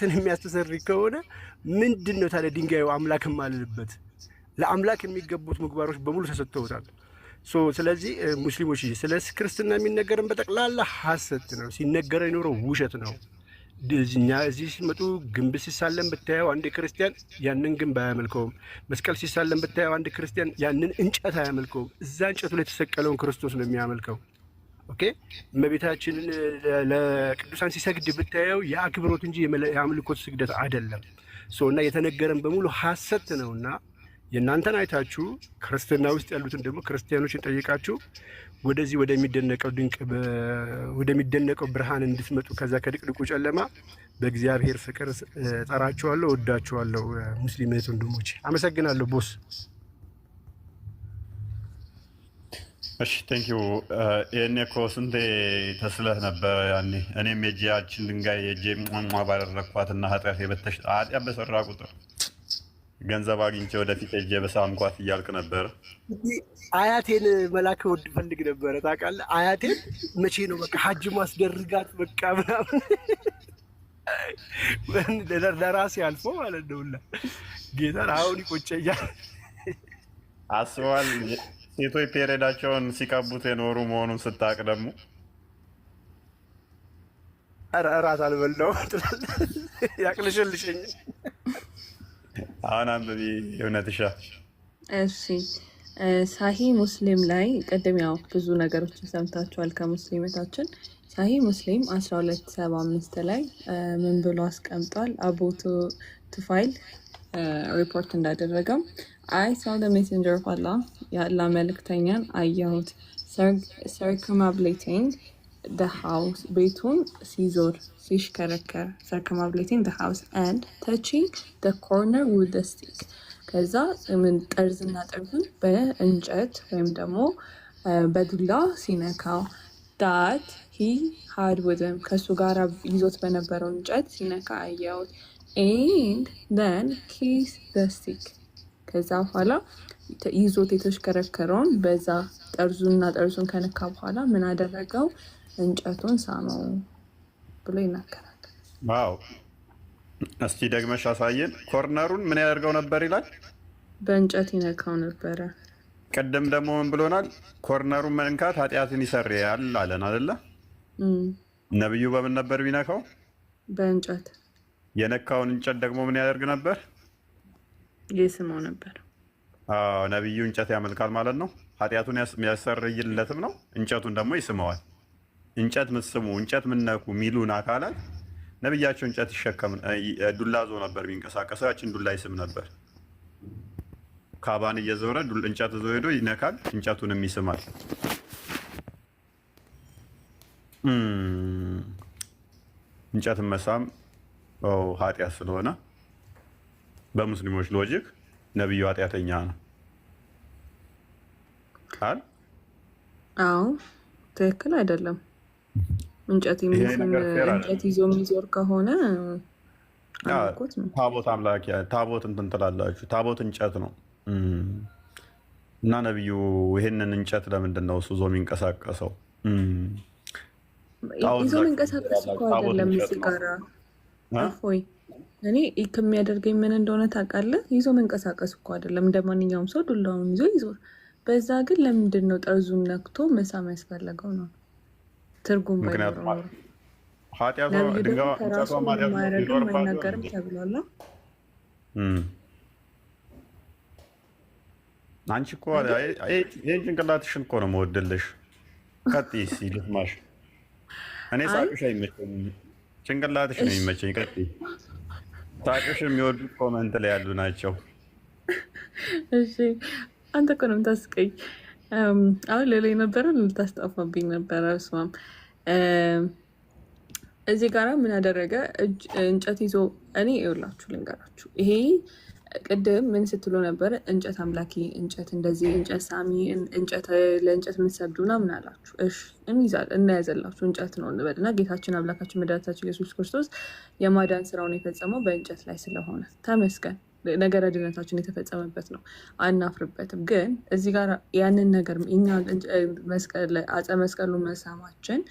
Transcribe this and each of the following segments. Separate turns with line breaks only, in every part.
ትን የሚያስተሰርይ ከሆነ ምንድን ነው ታዲያ ድንጋዩ? አምላክ አልልበት ለአምላክ የሚገቡት ምግባሮች በሙሉ ተሰጥተውታል። ስለዚህ ሙስሊሞች ስለ ክርስትና የሚነገርን በጠቅላላ ሀሰት ነው፣ ሲነገረ የኖረው ውሸት ነው። እኛ እዚህ ሲመጡ ግንብ ሲሳለም ብታየው አንድ ክርስቲያን ያንን ግንብ አያመልከውም። መስቀል ሲሳለም ብታየው አንድ ክርስቲያን ያንን እንጨት አያመልከውም። እዛ እንጨቱ ላይ የተሰቀለውን ክርስቶስ ነው የሚያመልከው። ኦኬ እመቤታችንን ለቅዱሳን ሲሰግድ ብታየው የአክብሮት እንጂ የአምልኮት ስግደት አይደለም። እና የተነገረን በሙሉ ሀሰት ነው እና የእናንተን አይታችሁ ክርስትና ውስጥ ያሉትን ደግሞ ክርስቲያኖችን ጠይቃችሁ ወደዚህ ወደሚደነቀው ድንቅ ወደሚደነቀው ብርሃን እንድትመጡ ከዛ ከድቅድቁ ጨለማ በእግዚአብሔር ፍቅር ጠራችኋለሁ፣ ወዳችኋለሁ። ሙስሊም እህት አመሰግናለሁ ቦስ
እሺ ቴንኪው። ይህኔ እኮ ስንቴ ተስለህ ነበረ ያኔ። እኔም የጂያችን ድንጋይ የጄ ሟሟ ባደረግኳት ባደረግኳትና ኃጢአት የበተሽ ኃጢአት በሰራ ቁጥር ገንዘብ አግኝቼ ወደፊት እጄ በሳምኳት እያልቅ ነበረ።
አያቴን መላክ ወድ ፈልግ ነበረ ታውቃለህ። አያቴን መቼ ነው በቃ ሀጅ ማስደርጋት በቃ ምናምን ለራሴ አልፎ ማለት ነውላ ጌታን አሁን ይቆጨኛል
አስበዋል ሴቶች ፔሬዳቸውን ሲቀቡት የኖሩ መሆኑን ስታቅ ደግሞ
እራት አልበላው ያቅልሽልሽኝ።
አሁን አንብቢ እውነትሻ።
እሺ ሳሂ ሙስሊም ላይ ቅድም ያው ብዙ ነገሮችን ሰምታችኋል ከሙስሊመታችን። ሳሂ ሙስሊም 1275 ላይ ምን ብሎ አስቀምጧል? አቡ ቱፋይል ሪፖርት እንዳደረገው አይ ሳው ደ ሜሴንጀር ኦፍ አላህ የአላህ መልእክተኛን አየሁት ሰርክማብሌቲንግ ደ ሃውስ ቤቱን ሲዞር ሲሽከረከር፣ ሰርክማብሌቲንግ ደ ሃውስ አንድ ተቺንግ ደ ኮርነር ውደ ስቲክ ከዛ ምን ጠርዝና ጠርዙን በእንጨት ወይም ደግሞ በዱላ ሲነካው ዳት ሂ ሃድ ውድም ከእሱ ጋር ይዞት በነበረው እንጨት ሲነካ አየሁት። ኤንድ ን ኪስ ደስቲክ ከዛ በኋላ ይዞት የተሽከረከረውን በዛ ጠርዙና ጠርዙን ከነካ በኋላ ምን አደረገው? እንጨቱን ሳመው ብሎ ይናገራል።
ዋው! እስቲ ደግመሽ አሳየን። ኮርነሩን ምን ያደርገው ነበር ይላል? በእንጨት ይነካው ነበረ። ቅድም ደግሞ ምን ብሎናል? ኮርነሩን መንካት ኃጢአትን ይሰርያል አለን አደለ? ነቢዩ በምን ነበር ቢነካው? በእንጨት የነካውን እንጨት ደግሞ ምን ያደርግ ነበር?
ይስመው ነበር።
ነቢዩ እንጨት ያመልካል ማለት ነው። ኃጢአቱን ያሰርይለትም ነው። እንጨቱን ደግሞ ይስመዋል። እንጨት ምትስሙ፣ እንጨት ምነኩ የሚሉን አካላት ነቢያቸው እንጨት ይሸከም ዱላ ዞ ነበር የሚንቀሳቀሰው። ያችን ዱላ ይስም ነበር። ካባን እየዞረ እንጨት ዞ ሄዶ ይነካል፣ እንጨቱንም ይስማል። እንጨትን መሳም ኃጢአት ስለሆነ በሙስሊሞች ሎጂክ ነቢዩ ኃጢአተኛ ነው
ቃል። አዎ ትክክል አይደለም። እንጨት እንጨት ይዞ የሚዞር ከሆነ
ታቦት አምላክ ታቦት እንትን ትላላችሁ። ታቦት እንጨት ነው እና ነቢዩ ይህንን እንጨት ለምንድን ነው እሱ ዞ የሚንቀሳቀሰው?
ይዞ የሚንቀሳቀስ እኮ አይደለም ሲጋራ እፎይ እኔ ከሚያደርገኝ ምን እንደሆነ ታውቃለህ? ይዞ መንቀሳቀስ እኮ አይደለም እንደ ማንኛውም ሰው ዱላውን ይዞ ይዞ፣ በዛ ግን ለምንድን ነው ጠርዙን ነክቶ መሳም ያስፈለገው ነው ትርጉም
ራሱ ማያደርግም አይናገርም ተብሏል። አንቺ እኮ ይህን ጭንቅላትሽን እኮ ነው መወደልሽ። ቀጥይ እስኪ ልስማሽ። እኔ ሳቅሽ አይመቸኝም ጭንቅላትሽ ነው የሚመቸኝ። ቀጥ ታቅሽ የሚወዱ ኮመንት ላይ ያሉ ናቸው።
እሺ አንተ እኮ ነው የምታስቀኝ። አሁን ሌላ የነበረው ልታስጠፋብኝ ነበረ። እሷም እዚህ ጋራ ምን ያደረገ እንጨት ይዞ እኔ ይውላችሁ ልንገራችሁ ይሄ ቅድም ምን ስትሎ ነበር? እንጨት አምላኪ እንጨት እንደዚህ እንጨት ሳሚ እንጨት ለእንጨት የምትሰግዱ ምናምን አላችሁ። እሺ እንይዛል እናያዘላችሁ እንጨት ነው እንበልና ጌታችን አምላካችን መድኃኒታችን ኢየሱስ ክርስቶስ የማዳን ስራውን የፈጸመው በእንጨት ላይ ስለሆነ ተመስገን፣ ነገር ድነታችን የተፈጸመበት ነው። አናፍርበትም። ግን እዚህ ጋር ያንን ነገር እኛ አፀ መስቀሉ መሳማችን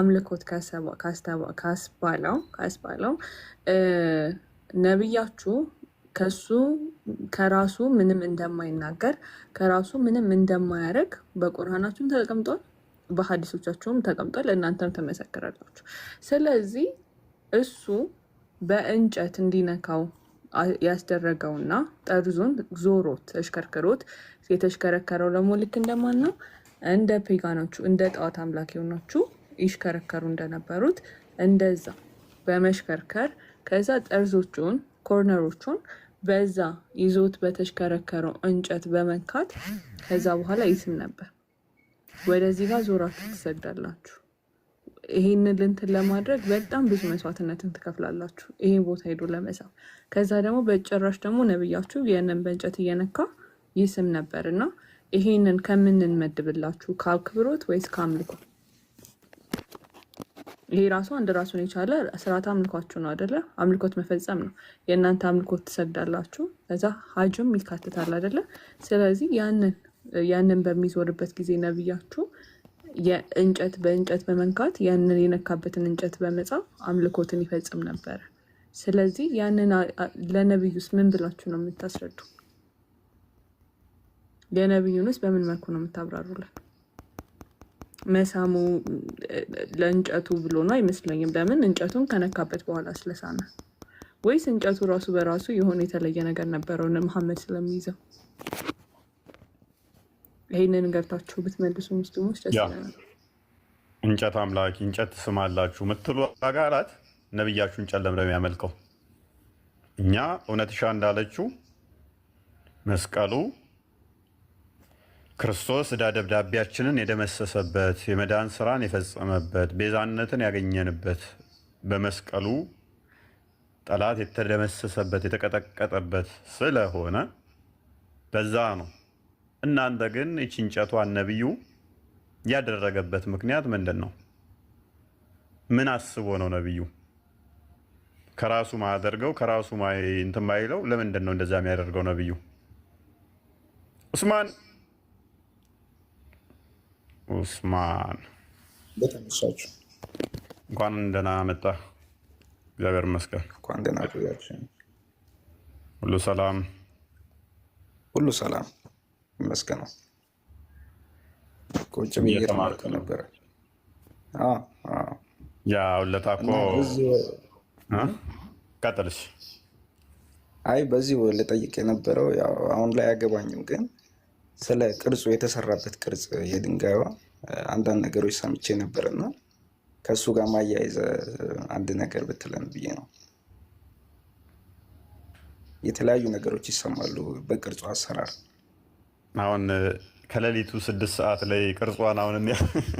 አምልኮት ካስባለው ካስባለው ነብያችሁ ከሱ ከራሱ ምንም እንደማይናገር ከራሱ ምንም እንደማያደርግ በቁርአናችሁም ተቀምጧል፣ በሀዲሶቻችሁም ተቀምጧል። እናንተም ተመሰክራላችሁ። ስለዚህ እሱ በእንጨት እንዲነካው ያስደረገውና ጠርዙን ዞሮት ተሽከርክሮት የተሽከረከረው ደግሞ ልክ እንደማን ነው? እንደ ፔጋኖቹ እንደ ጠዋት አምላክ የሆናችሁ ይሽከረከሩ እንደነበሩት እንደዛ በመሽከርከር ከዛ ጠርዞቹን ኮርነሮቹን በዛ ይዞት በተሽከረከረው እንጨት በመንካት ከዛ በኋላ ይስም ነበር። ወደዚህ ጋር ዞራችሁ ትሰግዳላችሁ። ይህንን ልንትን ለማድረግ በጣም ብዙ መስዋዕትነትን ትከፍላላችሁ፣ ይሄ ቦታ ሄዶ ለመሳብ። ከዛ ደግሞ በጭራሽ ደግሞ ነብያችሁ ይህንን በእንጨት እየነካ ይስም ነበር እና ይሄንን ከምንመድብላችሁ ከአክብሮት ወይስ ከአምልኮ ይሄ ራሱ አንድ ራሱን የቻለ ስርዓት አምልኳችሁ ነው አደለ? አምልኮት መፈጸም ነው። የእናንተ አምልኮት ትሰግዳላችሁ፣ ከዛ ሀጅም ይካትታል አደለ? ስለዚህ ያንን ያንን በሚዞርበት ጊዜ ነብያችሁ የእንጨት በእንጨት በመንካት ያንን የነካበትን እንጨት በመጻፍ አምልኮትን ይፈጽም ነበረ። ስለዚህ ያንን ለነብዩስ ምን ብላችሁ ነው የምታስረዱ? የነብዩንስ በምን መልኩ ነው የምታብራሩለን? መሳሙ ለእንጨቱ ብሎ ነው አይመስለኝም። ለምን እንጨቱን ከነካበት በኋላ ስለሳነ ወይስ እንጨቱ ራሱ በራሱ የሆነ የተለየ ነገር ነበረው መሐመድ ስለሚይዘው? ይህንን ገብታችሁ ብትመልሱ ሙስሊሞች ደስ
እንጨት አምላኪ እንጨት አላችሁ ምትሉ አጋራት ነብያችሁ እንጨት ለምለም የሚያመልከው እኛ እውነትሻ እንዳለችው መስቀሉ ክርስቶስ ዕዳ ደብዳቤያችንን የደመሰሰበት የመዳን ስራን የፈጸመበት ቤዛነትን ያገኘንበት በመስቀሉ ጠላት የተደመሰሰበት የተቀጠቀጠበት ስለሆነ በዛ ነው። እናንተ ግን ይች እንጨቷን ነቢዩ ያደረገበት ምክንያት ምንድን ነው? ምን አስቦ ነው ነቢዩ? ከራሱ ማያደርገው ከራሱ እንትን ማይለው ለምንድን ነው እንደዛ የሚያደርገው ነቢዩ ዑስማን ኡስማን
በተመሳችሁ
እንኳን ደህና መጣ።
እግዚአብሔር ይመስገን። እንኳን ደህና ቆያችሁ። ሁሉ ሰላም፣ ሁሉ ሰላም ይመስገን። ቁጭ ብዬ ተማርኩ ነበረ።
ያ ሁለታ እኮ ቀጥልሽ።
አይ በዚህ ልጠይቅ የነበረው አሁን ላይ አያገባኝም ግን ስለ ቅርጹ የተሰራበት ቅርጽ የድንጋይዋ አንዳንድ ነገሮች ሰምቼ ነበር እና ከእሱ ጋር ማያይዘ አንድ ነገር ብትለን ብዬ ነው። የተለያዩ ነገሮች ይሰማሉ በቅርጹ አሰራር።
አሁን ከሌሊቱ ስድስት ሰዓት ላይ ቅርጿን አሁን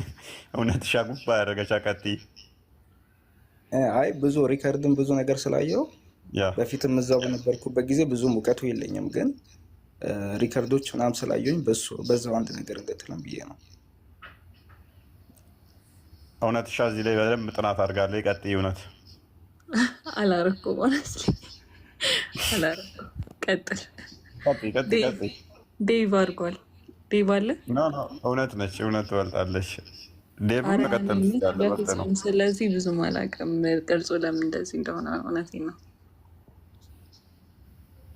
እውነት ሻጉባ ያደረገች አቃቲ
አይ ብዙ ሪከርድን ብዙ ነገር ስላየው በፊትም እዛው በነበርኩበት ጊዜ ብዙ ሙቀቱ የለኝም ግን ሪከርዶች ምናም ስላየኝ በሱ በዛው አንድ ነገር እንደትለም ብዬ ነው።
እውነት ሻ እዚህ ላይ በደንብ ጥናት አድርጋለሁ። ቀጥይ። እውነት
አላረኩ ሆነስ አላረኩም። ቀጥል፣ ዴቭ አድርጓል። ዴቭ አለ።
እውነት ነች። እውነት ትበልጣለች። ዴቭ መቀጠል
ነው። ስለዚህ ብዙም አላውቅም ቅርጹ ለምን እንደዚህ እንደሆነ እውነት ነው።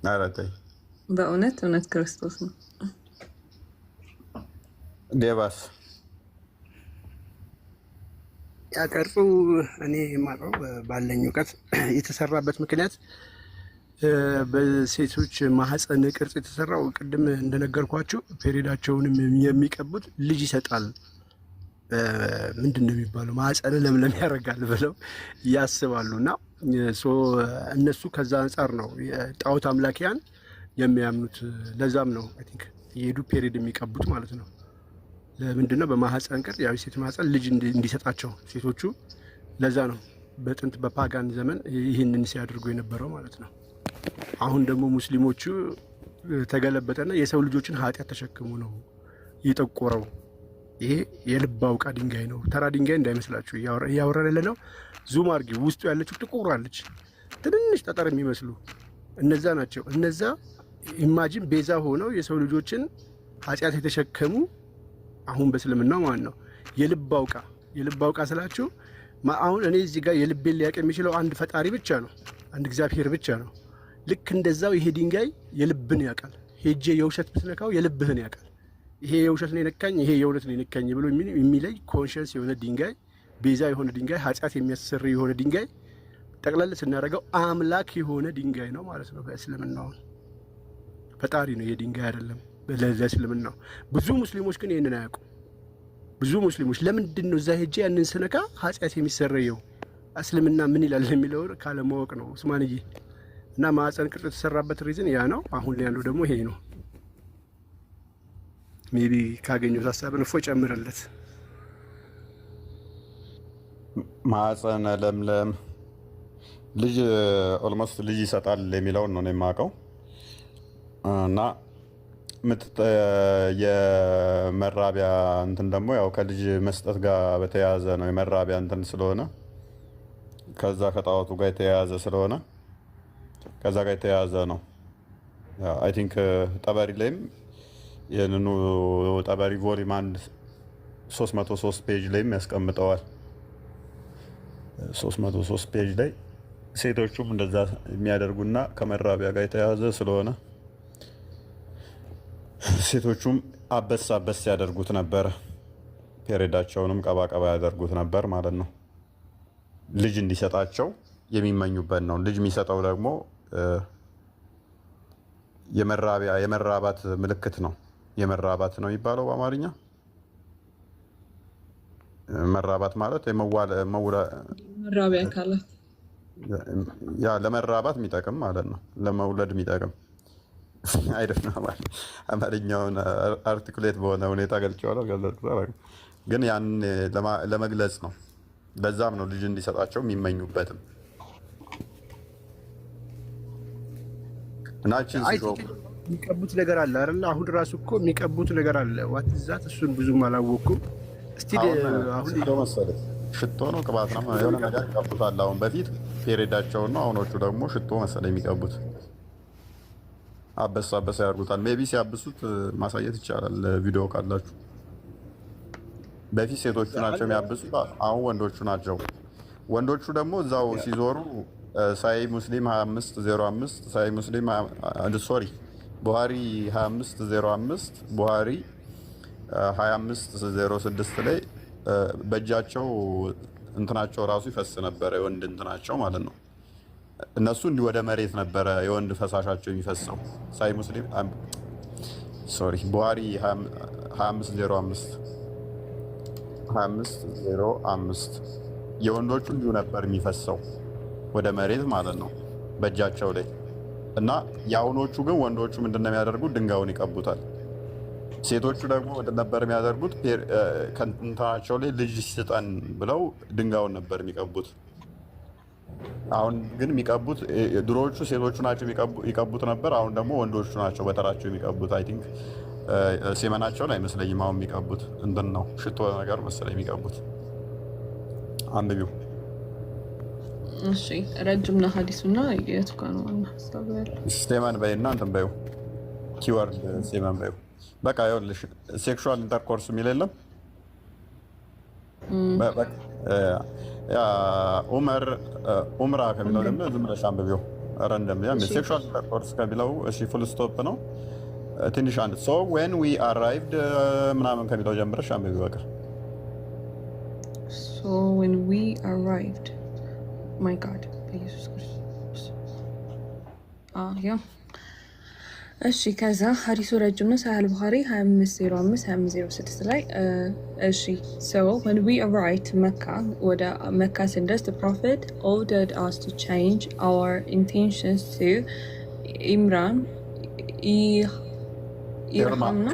ኧረ በእውነት እውነት ክርስቶስ ነው። ዴባስ
ያቀርጹ እኔ የማውቀው ባለኝ እውቀት የተሰራበት ምክንያት በሴቶች ማህፀን ቅርጽ የተሰራው ቅድም እንደነገርኳቸው ፔሬዳቸውንም የሚቀቡት ልጅ ይሰጣል ምንድን ነው የሚባለው ማህፀን ለምለም ያደርጋል ብለው ያስባሉ እና እነሱ ከዛ አንጻር ነው ጣዖት አምላኪያን የሚያምኑት። ለዛም ነው አይ ቲንክ እየሄዱ ፔሪድ የሚቀቡት ማለት ነው። ለምንድን ነው በማህፀን ቅር ያው ሴት ማህፀን ልጅ እንዲሰጣቸው ሴቶቹ። ለዛ ነው በጥንት በፓጋን ዘመን ይህንን ሲያደርጉ የነበረው ማለት ነው። አሁን ደግሞ ሙስሊሞቹ ተገለበጠና የሰው ልጆችን ኃጢአት ተሸክሙ ነው የጠቆረው። ይሄ የልብ አውቃ ድንጋይ ነው፣ ተራ ድንጋይ እንዳይመስላችሁ እያወራን ያለ ነው። ዙም አርጊ፣ ውስጡ ያለችው ጥቁር አለች፣ ትንንሽ ጠጠር የሚመስሉ እነዛ ናቸው። እነዛ ኢማጂን ቤዛ ሆነው የሰው ልጆችን ኃጢአት የተሸከሙ አሁን በእስልምና ማለት ነው። የልብ አውቃ የልብ አውቃ ስላችሁ አሁን እኔ እዚህ ጋር የልቤን ሊያውቅ የሚችለው አንድ ፈጣሪ ብቻ ነው፣ አንድ እግዚአብሔር ብቻ ነው። ልክ እንደዛው ይሄ ድንጋይ የልብን ያውቃል። ሄጄ የውሸት ብትነካው የልብህን ያውቃል። ይሄ የውሸት ነው የነካኝ፣ ይሄ የእውነት ነው የነካኝ ብሎ የሚለይ ኮንሽንስ የሆነ ድንጋይ፣ ቤዛ የሆነ ድንጋይ፣ ኃጢአት የሚያሰር የሆነ ድንጋይ፣ ጠቅላላ ስናደርገው አምላክ የሆነ ድንጋይ ነው ማለት ነው በእስልምናውን ፈጣሪ ነው፣ የድንጋይ አይደለም። ለእስልምና ነው። ብዙ ሙስሊሞች ግን ይህንን አያውቁም። ብዙ ሙስሊሞች ለምንድን ነው እዛ ሄጄ ያንን ስነካ ኃጢአት የሚሰረየው እስልምና ምን ይላል የሚለው ካለማወቅ ነው ስማንዬ እና ማዕፀን ቅርጽ የተሰራበት ሪዝን ያ ነው። አሁን ላይ ያለው ደግሞ ይሄ ነው። ሜቢ ካገኘሁት ሀሳብን እፎ ጨምረለት
ማዕፀን ለምለም ልጅ ኦልሞስት ልጅ ይሰጣል የሚለውን ነው የማውቀው እና የመራቢያ እንትን ደግሞ ያው ከልጅ መስጠት ጋር በተያያዘ ነው። የመራቢያ እንትን ስለሆነ ከዛ ከጣዖቱ ጋር የተያያዘ ስለሆነ ከዛ ጋር የተያያዘ ነው። አይ ቲንክ ጠበሪ ላይም ይህንኑ ጠበሪ ቮሊም አንድ 303 ፔጅ ላይም ያስቀምጠዋል። 303 ፔጅ ላይ ሴቶቹም እንደዛ የሚያደርጉና ከመራቢያ ጋር የተያያዘ ስለሆነ ሴቶቹም አበስ አበስ ያደርጉት ነበር። ፔሬዳቸውንም ቀባቀባ ያደርጉት ነበር ማለት ነው። ልጅ እንዲሰጣቸው የሚመኙበት ነው። ልጅ የሚሰጠው ደግሞ የመራቢያ የመራባት ምልክት ነው። የመራባት ነው የሚባለው በአማርኛ መራባት ማለት ያ ለመራባት የሚጠቅም ማለት ነው። ለመውለድ የሚጠቅም አይደፍ አማርኛውን አርቲኩሌት በሆነ ሁኔታ ገልጬዋለሁ። ግን ያን ለመግለጽ ነው። በዛም ነው ልጅ እንዲሰጣቸው የሚመኙበትም ናችን
የሚቀቡት ነገር አለ አይደል? አሁን ራሱ እኮ የሚቀቡት ነገር አለ። ዋትዛት። እሱን ብዙም አላወቅኩም። እስቲ መሰለህ ሽቶ ነው ቅባት ነው የሆነ ነገር ይቀቡታል። አሁን በፊት ፔሬዳቸውን ነው። አሁኖቹ ደግሞ ሽቶ መሰለ የሚቀቡት አበሳ አበሳ ያደርጉታል። ሜቢ ሲያብሱት ማሳየት ይቻላል ቪዲዮ ካላችሁ። በፊት ሴቶቹ ናቸው የሚያብሱት፣ አሁን ወንዶቹ ናቸው። ወንዶቹ ደግሞ እዛው ሲዞሩ ሳይ ሙስሊም 2505 ሳይ ሙስሊም ሶሪ ቡሃሪ 2505 ቡሃሪ 2506 ላይ በእጃቸው እንትናቸው ራሱ ይፈስ ነበረ የወንድ እንትናቸው ማለት ነው። እነሱ እንዲህ ወደ መሬት ነበረ የወንድ ፈሳሻቸው የሚፈሰው። ሳይ ሙስሊም ሶሪ ቡሃሪ 2505 የወንዶቹ እንዲሁ ነበር የሚፈሰው ወደ መሬት ማለት ነው በእጃቸው ላይ እና የአሁኖቹ ግን ወንዶቹ ምንድነው የሚያደርጉት? ድንጋዩን ይቀቡታል። ሴቶቹ ደግሞ ነበር የሚያደርጉት ከእንትናቸው ላይ ልጅ ስጠን ብለው ድንጋዩን ነበር የሚቀቡት። አሁን ግን የሚቀቡት ድሮዎቹ ሴቶቹ ናቸው ይቀቡት ነበር። አሁን ደግሞ ወንዶቹ ናቸው በተራቸው የሚቀቡት። አይ ቲንክ ሴመናቸውን አይመስለኝም አሁን የሚቀቡት እንትን ነው ሽቶ ነገር መሰለኝ የሚቀቡት። አንብቢው።
እሺ ረጅም ነው ሀዲሱ እና የቱ ጋር ነው ዋና
በይ ያለው? እንትን በይው፣ ኪወርድ ሴመን በይው። በቃ ይኸውልሽ ሴክሹዋል ኢንተርኮርስ የሚል የለም ኡመር ኡምራ ከሚለው ደግሞ ዝም ብለሽ አንብቢው። ረንደም ያ ሴክሹዋል ኢንተርኮርስ ከሚለው እሺ ፉል ስቶፕ ነው። ትንሽ አንድ ሶ ዌን ዊ አራይቭድ ምናምን ከሚለው ጀምረሽ አንብቢ በቃ
ሶ ዌን ዊ አራይቭድ ማይ ጋድ በኢየሱስ ክርስቶስ ያ እሺ ከዛ ሀዲሱ ረጅም ነው። ሳህል ቡኻሪ 2505 ላይ እሺ so when we arrived Mecca ወደ መካ ስንደርስ the prophet ordered us to change our intentions to ኢምራን ይርሃምና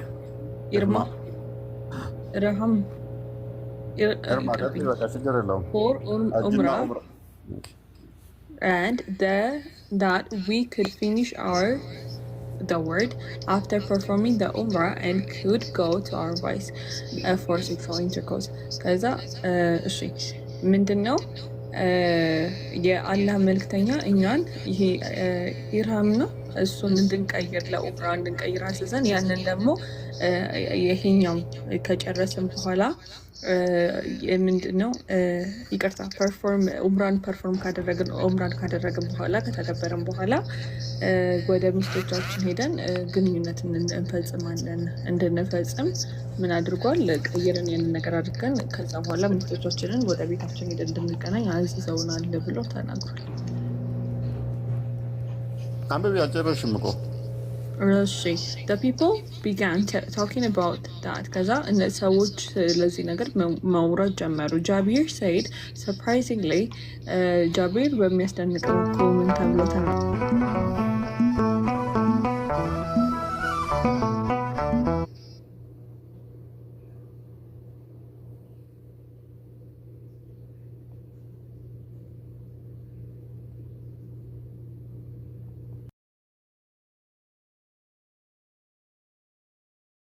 ይርማ ይርሃም for um, umrah and there that we could finish our the word after performing the umrah and could go to our wife uh, for sexual intercourse ከዛ እሺ ምንድን ነው የአላህ መልክተኛ እኛን ይሄ uh, ኢርሃም ነው እሱን እንድንቀይር ለኡምራ እንድንቀይር አዘዘን። ያንን ደግሞ ይሄኛው ከጨረስን በኋላ ምንድነው ይቅርታ፣ ፐርፎርም ኡምራን ፐርፎርም ካደረግን ኡምራን ካደረግን በኋላ ከተገበርን በኋላ ወደ ሚስቶቻችን ሄደን ግንኙነት እንፈጽማለን። እንድንፈጽም ምን አድርጓል? ቀይርን ያንን ነገር አድርገን ከዛ በኋላ ሚስቶቻችንን ወደ ቤታችን ሄደን እንድንገናኝ አዝዘውናል ብሎ ተናግሯል። እሺ the people began talking about that ከዛ ሰዎች ስለዚህ ነገር መውራት ጀመሩ። ጃቢር ሰይድ surprisingly ጃቢር በሚያስደንቀው ኮመንት ተብሎ